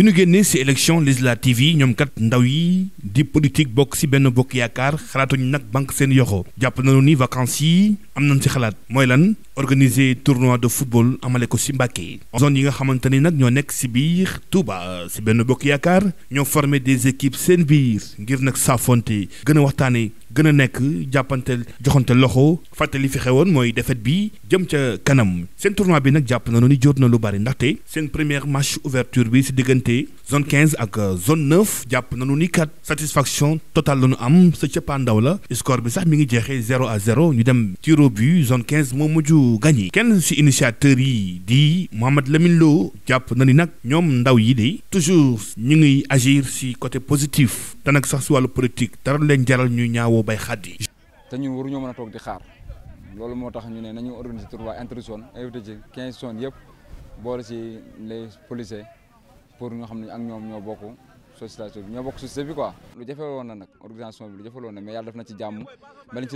bi ñu génnee ci élection législative yi ñoom kat ndaw yi di politique bokk ci benn bokk yaakaar xalaatuñu nag banque seen yoxo jàpp nañu ni vacances yi am na ci xalaat mooy lan organiser tournois de football amale ko ci Mbàkke zone yi nga xamante ni nag ñoo nekk ci biir Touba ci benn bokk yaakaar ñoo former des équipes seen biir ngir nag saafonte gën a waxtaanee gën a nekk jàppante joxante loxo fàttali fi xewoon mooy défaite bi jëm ca kanam seen tournoi bi nag jàpp na ni jóot na lu bari ndaxte seen première match ouverture bi si diggante zone quinze ak euh, zone 9 jàpp nañu ni kat satisfaction totale la ñu am sa cëppaandaw la score bi sax mi ngi jeexee 0 à 0 ñu dem tiro bu zone 15 moo mujj yi kenn si initiateur yi di Mohamed lemin Lo jàpp na ni nag ñoom ndaw yi de toujours ñu ngi agir si côté positif te nag sax si wàllu politique dara leen jaral ñuy ñaawoo bay xaddi. te ñun ñoo mën a toog di xaar loolu moo tax ñu ne nañu organiser tournoi interzone invité ci 15 zones yëpp boole si les policiers. pour ñoo xam ne ak ñoom ñoo bokk société bi ñoo bokk société bi quoi. lu jafe woon na nag organisation bi lu jafe woon na mais yàlla def na ci jàmm ba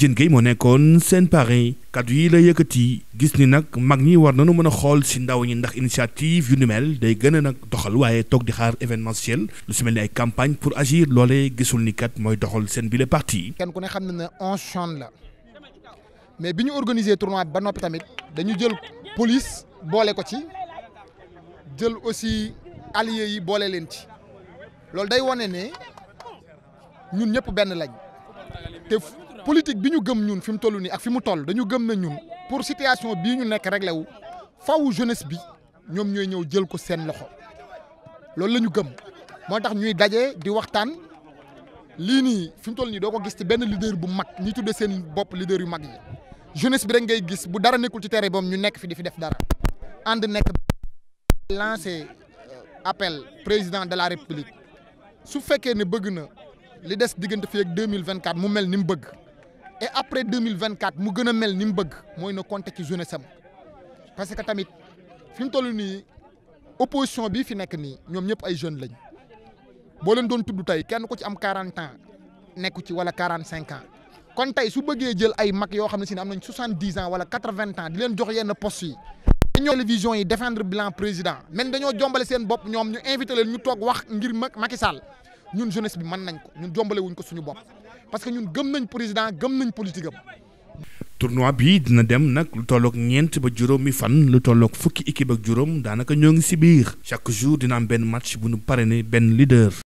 ci doon seen parrain kaddu yi la yëkkati gis ni nag mag ñi war nañu mën a xool si ndaw ñi ndax initiative yu ni mel day gën a nag doxal waaye toog di xaar événementiel lu si ay campagne pour agir loolee gisul ni kat mooy doxal seen bile parti. kenn ku ne xam na ne la mais bi ñu organiser jël aussi alliés yi boole leen ci loolu day wane ne ñun ñëpp benn lañ te politique bi ñu gëm ñun fi mu toll nii ak fi mu toll dañu gëm na ñun pour situation bii ñu nekk réglé wu faw jeunesse bi ñoom ñooy ñëw jël ko seen loxo loolu lañu gëm moo tax ñuy daje di waxtaan lii nii fi mu toll nii doo ko gis ci benn leader bu mag ñi tuddee seen bopp leader yu mag yi jeunesse bi rek ngay gis bu dara nekkul ci terrain boobu ñu nekk fi di fi def dara ànd nekk. lancer euh, appel président de la république su fekkee ne bëgg na li des diggante fii ak deux mille vingt quatre mu mel ni mu bëgg et après mille vingt quatre mu gën a mel ni mu bëgg mooy na compter ci jeunesse am parce que tamit fi mu toll nii opposition bi fi nekk nii ñoom ñëpp ay jeunes lañ boo leen doon tudd tey kenn ku ci am quarante ans nekku ci wala quarante cinq ans kon tey su bëggee jël ay mag yoo xam ne si ne am nañ soixante dix ans wala quatre vingt ans di leen jox yenn postes yi. dañoo télévision yi défendre bilan président même dañoo jombale seen bopp ñoom ñu invité leen ñu toog wax ngir Macky Sall ñun jeunesse bi man nañ ko ñun jombalewuñ ko suñu bopp parce que ñun gëm nañ président gëm nañ politique am. tournoi bi dina dem nag lu tolloog ñeent ba juróom juróomi fan lu tolloog fukki équipe ak juróom daanaka ñoo ngi si biir chaque jour dina benn match bu nu parrainé benn leader.